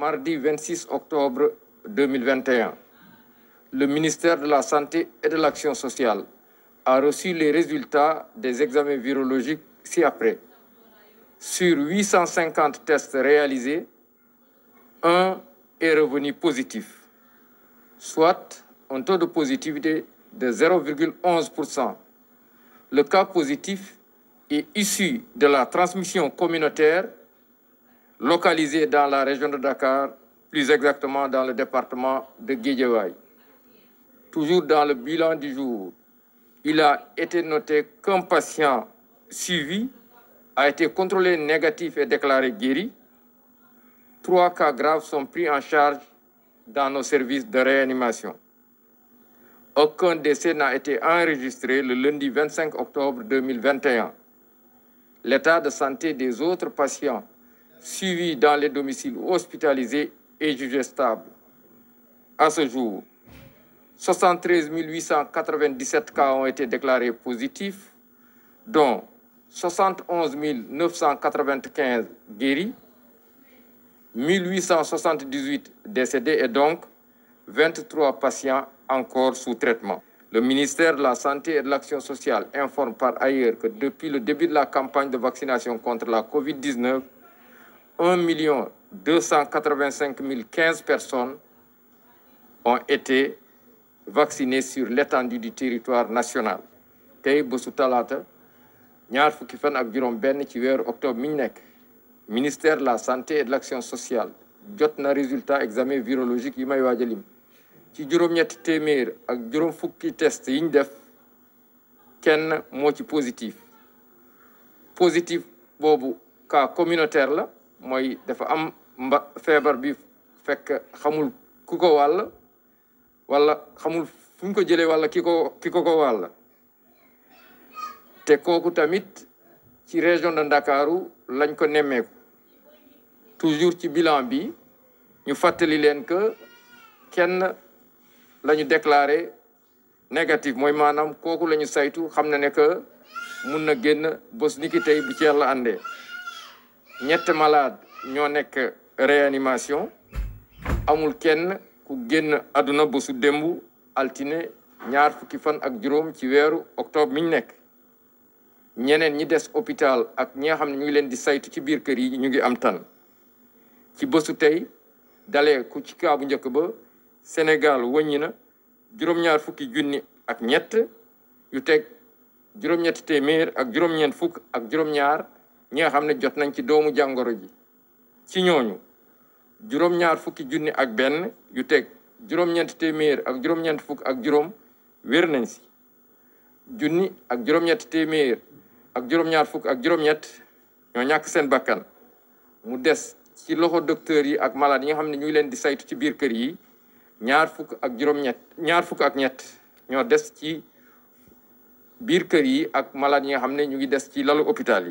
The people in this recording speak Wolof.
mardi 26 octobre 2021, le ministère de la Santé et de l'Action sociale a reçu les résultats des examens virologiques ci-après. Sur 850 tests réalisés, un est revenu positif, soit un taux de positivité de 0,11%. Le cas positif est issu de la transmission communautaire localisés dans la région de Dakar, plus exactement dans le département de Guédiawaye. Toujours dans le bilan du jour, il a été noté qu'un patient suivi a été contrôlé négatif et déclaré guéri. Trois charge dans nos services de réanimation. Aucun décès n'a été enregistré le lundi 25 octobre 2021. L'état de santé des autres patients suivis dans les domiciles hospitalisés est jugé stable. À ce jour, 73 897 cas ont été déclarés positifs, dont 71 995 guéris, 1878 décédés et donc 23 patients encore sous traitement. Le ministère la Santé l'Action sociale informe par ailleurs que depuis le début la campagne de contre la COVID-19, 1 million 285 mille 15 personnes on été vaccinées sur l'étendue du territoire national tey bésu talaata ñaar fukki fan ak juróom benn ci weeru octobre mi ñu nekk ministère de la santé et de l'action sociale jot na résultat examen virologique yi may waaj a ci juróom-ñetti téeméer ak juróom fukki test yi ñu def kenn moo ci positif positif boobu cas communautaire la mooy dafa am mba feebar bi fekk xamul ku ko wàll wala xamul fu ko jëlee wala ki ko ki ko ko wàll te kooku tamit ci région de Ndakaaru lañ ko nemmeeku toujours ci bilan bi ñu fàttali leen que kenn la ñu déclaré négatif mooy maanaam kooku la ñu saytu xam na ne que mun na génn bos ni ki tey bu ci yàlla àndee ñett malade ñoo nekk réanimation amul kenn ku génn àdduna bésu démb altine ñaar fukki fan ak juróom ci weeru octobre mi ñu nekk ñeneen ñi des hôpital ak ñi xam ne ñu ngi leen di saytu ci biir kër yi ñu ngi am tan ci bésu tey dalee ku ci kaabu njëkk ba Sénégal wëññi na juróom-ñaar fukki junni ak ñett yu teg juróom-ñetti téeméer ak ak juróom-ñaar ñi nga xam ne jot nañ ci doomu jàngoro ji ci ñooñu juróom-ñaar fukki junni ak benn yu teg juróom-ñeent téeméer ak juróom fukk ak juróom wér nañ si junni ak juróom téeméer ak juróom-ñaar fukk ak juróom-ñett ñoo ñàkk seen bàkkan mu des ci loxo docteur yi ak malade yi nga xam ne ñu ngi leen di saytu ci biir kër yi ñaar ak juróom ñaar fukk ak ñett ñoo des ci biir kër yi ak malade yi nga xam ne ñu ngi des ci lalu hôpital yi